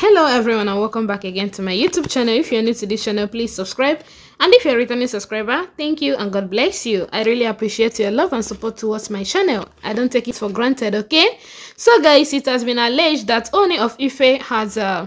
hello everyone and welcome back again to my youtube channel if you're new to this channel please subscribe and if you're a returning subscriber thank you and god bless you i really appreciate your love and support towards my channel i don't take it for granted okay so guys it has been alleged that oni of ife has uh,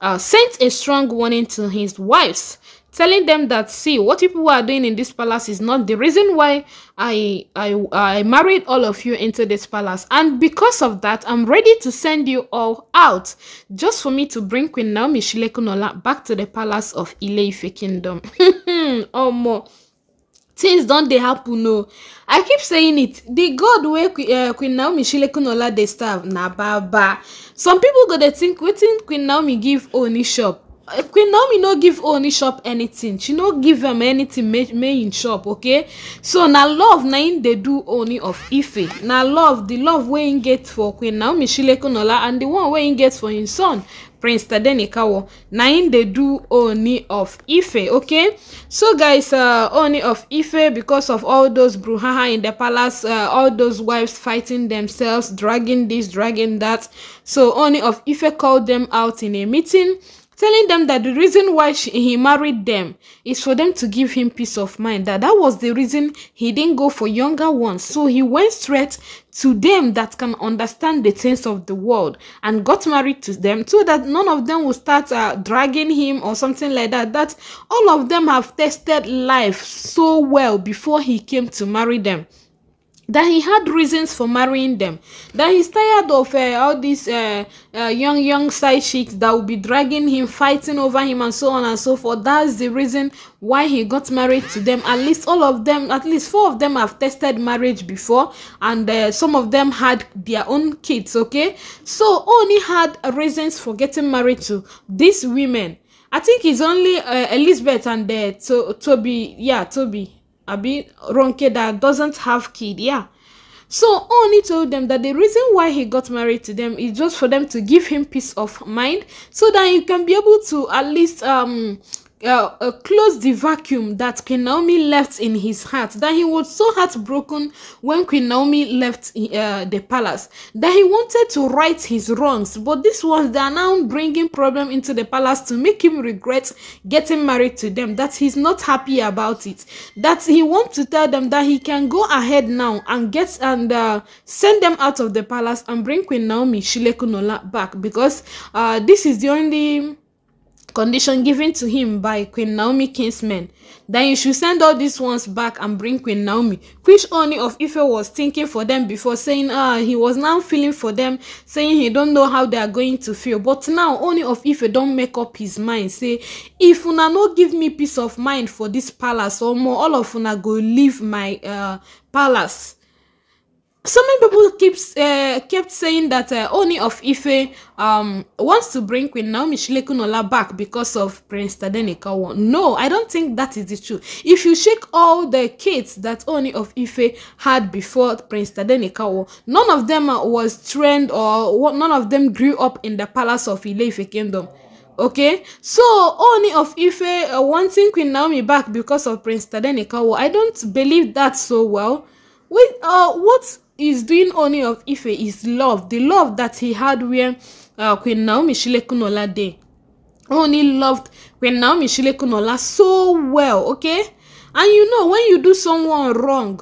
uh, sent a strong warning to his wives telling them that see what people are doing in this palace is not the reason why I, I I married all of you into this palace and because of that I'm ready to send you all out just for me to bring Queen Naomi Shilekunola back to the palace of ile kingdom Oh more things don't they happen No, oh. i keep saying it the god way uh, eh, queen naomi shilekunola dey serve na baba some people go dey think waiting queen naomi give oni shop Eh, queen naomi no give oni shop anything she no give am anything make im chop okay so na love na im dey do oni of ife na love the love wey im get for queen naomi shilekunola and the one wey im get for im son prince tadenikawo na im dey do oni of ife okay so guys uh, oni of ife because of all those bruhaha in the palace uh, all those wives fighting themselves dragging this dragging that so oni of ife call them out in a meeting telling them that the reason why she, he married them is for them to give him peace of mind that that was the reason he didn't go for younger ones so he went straight to them that can understand the things of the world and got married to them so that none of them will start uh, dragging him or something like that that all of them have tested life so well before he came to marry them that he had reasons for marrying them, that he's tired of uh, all these uh, uh, young, young side chicks that will be dragging him, fighting over him, and so on and so forth. That's the reason why he got married to them. At least all of them, at least four of them have tested marriage before, and uh, some of them had their own kids, okay? So, only had reasons for getting married to these women. I think it's only uh, Elizabeth and uh, to Toby, yeah, Toby abi ronke that doesn't have kid yeah so Ooni told them that the reason why he got married to them is just for them to give him peace of mind so that he can be able to at least um Uh, uh, close the vacuum that Queen Naomi left in his heart, that he was so heartbroken when Queen Naomi left uh, the palace, that he wanted to right his wrongs, but this was the now bringing problem into the palace to make him regret getting married to them, that he's not happy about it, that he wants to tell them that he can go ahead now and get and uh, send them out of the palace and bring Queen Naomi Shilekunola back because uh, this is the only condition given to him by Queen Naomi kinsmen. Then you should send all these ones back and bring Queen Naomi, which only of Ife was thinking for them before saying, ah, he was now feeling for them, saying he don't know how they are going to feel. But now only of Ife don't make up his mind, say, if una no give me peace of mind for this palace or more, all of una go leave my uh, palace so many people keeps uh, kept saying that uh, Oni of Ife um, wants to bring Queen Naomi Shilekunola back because of Prince Tadenikawa. No, I don't think that is the truth. If you check all the kids that Oni of Ife had before Prince Tadenikawa, none of them was trained or none of them grew up in the palace of Ife Kingdom. okay so Ooni of Ife uh, wanting Queen Naomi back because of Prince Tadenikawo I don't believe that so well wait uh, what is doing only of Ife is love, the love that he had where uh, Queen Naomi Shilekunola day. Only loved Queen Naomi Shilekunola so well, okay? And you know, when you do someone wrong,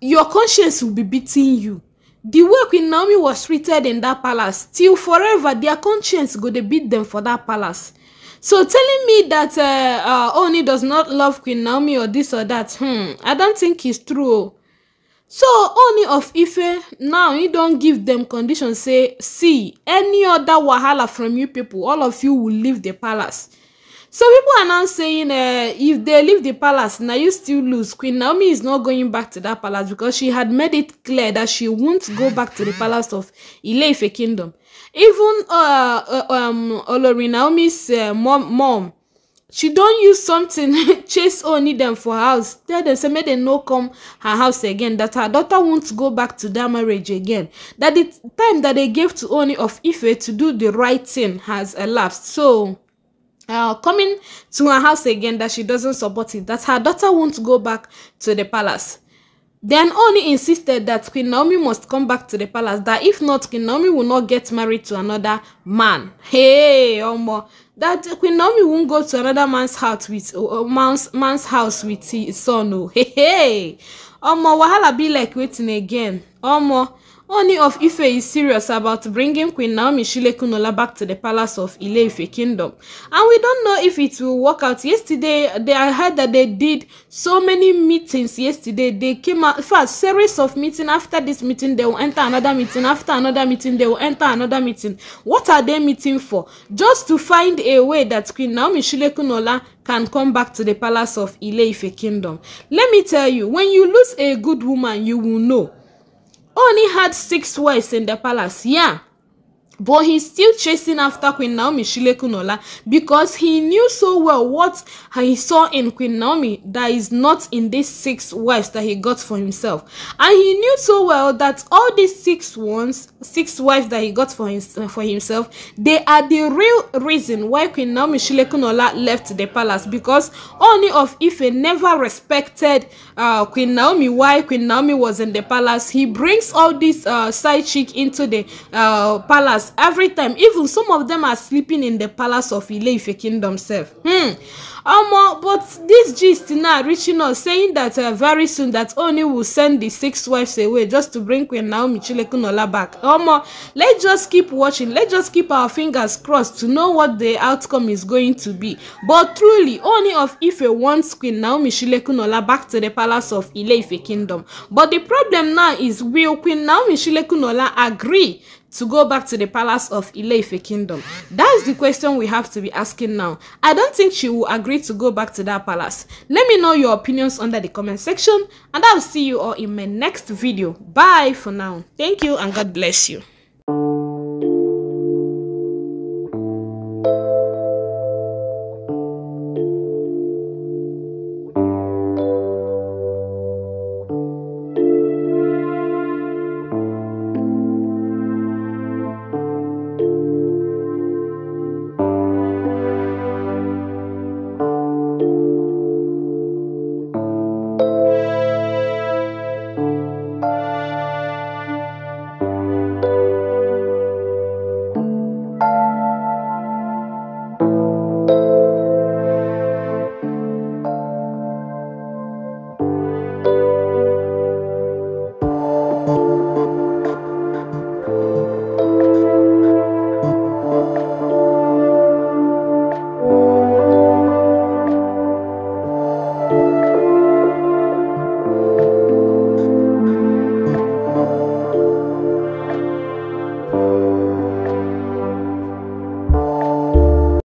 your conscience will be beating you. The way Queen Naomi was treated in that palace, till forever, their conscience go dey beat them for that palace. So telling me that uh, uh, Oni does not love Queen Naomi or this or that, hmm, I don't think it's true. Oh. So Ooni of Ife now he don give dem condition say see any other wahala from you people all of you will leave the palace. So people are now saying uh, if they leave the palace na you still lose Queen Naomi is not going back to that palace because she had made it clear that she won't go back to the palace of Ile kingdom. Even uh, uh, um, Olori Naomi's uh, mom, mom she don use something chase oni oh, dem for house tell dem say make dem no come her house again that her daughter won't go back to dat marriage again that the time that they gave to oni of ife to do the right thing has elapsed so uh, coming to her house again that she doesn't support it that her daughter won't go back to the palace Then Oni insisted that Queen Naomi must come back to the palace, that if not, Queen Naomi will not get married to another man. Hey, Omo. That Queen Naomi won't go to another man's house with uh, man's, man's house with his son. Oh. Hey, hey. Omo, wahala be like waiting again. Omo, Oni of Ife is serious about bringing Queen Naomi Shilekunola back to the palace of Ile-Ife kingdom. And we don't know if it will work out. Yesterday, they, I heard that they did so many meetings yesterday. They came out, for a series of meeting. After this meeting, they will enter another meeting. After another meeting, they will enter another meeting. What are they meeting for? Just to find a way that Queen Naomi Shilekunola can come back to the palace of Ile-Ife kingdom. Let me tell you, when you lose a good woman, you will know only had six wives in the palace, yeah. But he's still chasing after Queen Naomi Shilekunola because he knew so well what he saw in Queen Naomi that is not in these six wives that he got for himself. And he knew so well that all these six ones six wives that he got for, his, uh, for himself, they are the real reason why Queen Naomi Shilekunola left the palace because only of Ife never respected uh, Queen Naomi while Queen Naomi was in the palace. He brings all these uh, side chick into the uh, palace every time. Even some of them are sleeping in the palace of Ile Ife kingdom self. Hmm. Um, but this gist now reaching us saying that uh, very soon that Ooni will send the six wives away just to bring Queen Naomi Shilekunola back omo let's just keep watching let's just keep our fingers crossed to know what the outcome is going to be but truly only of Ife wants Queen Naomi Shilekunola back to the palace of Ile Ife kingdom but the problem now is will Queen Naomi Shilekunola agree to go back to the palace of ile kingdom? That is the question we have to be asking now. I don't think she will agree to go back to that palace. Let me know your opinions under the comment section and I'll see you all in my next video. Bye for now. Thank you and God bless you.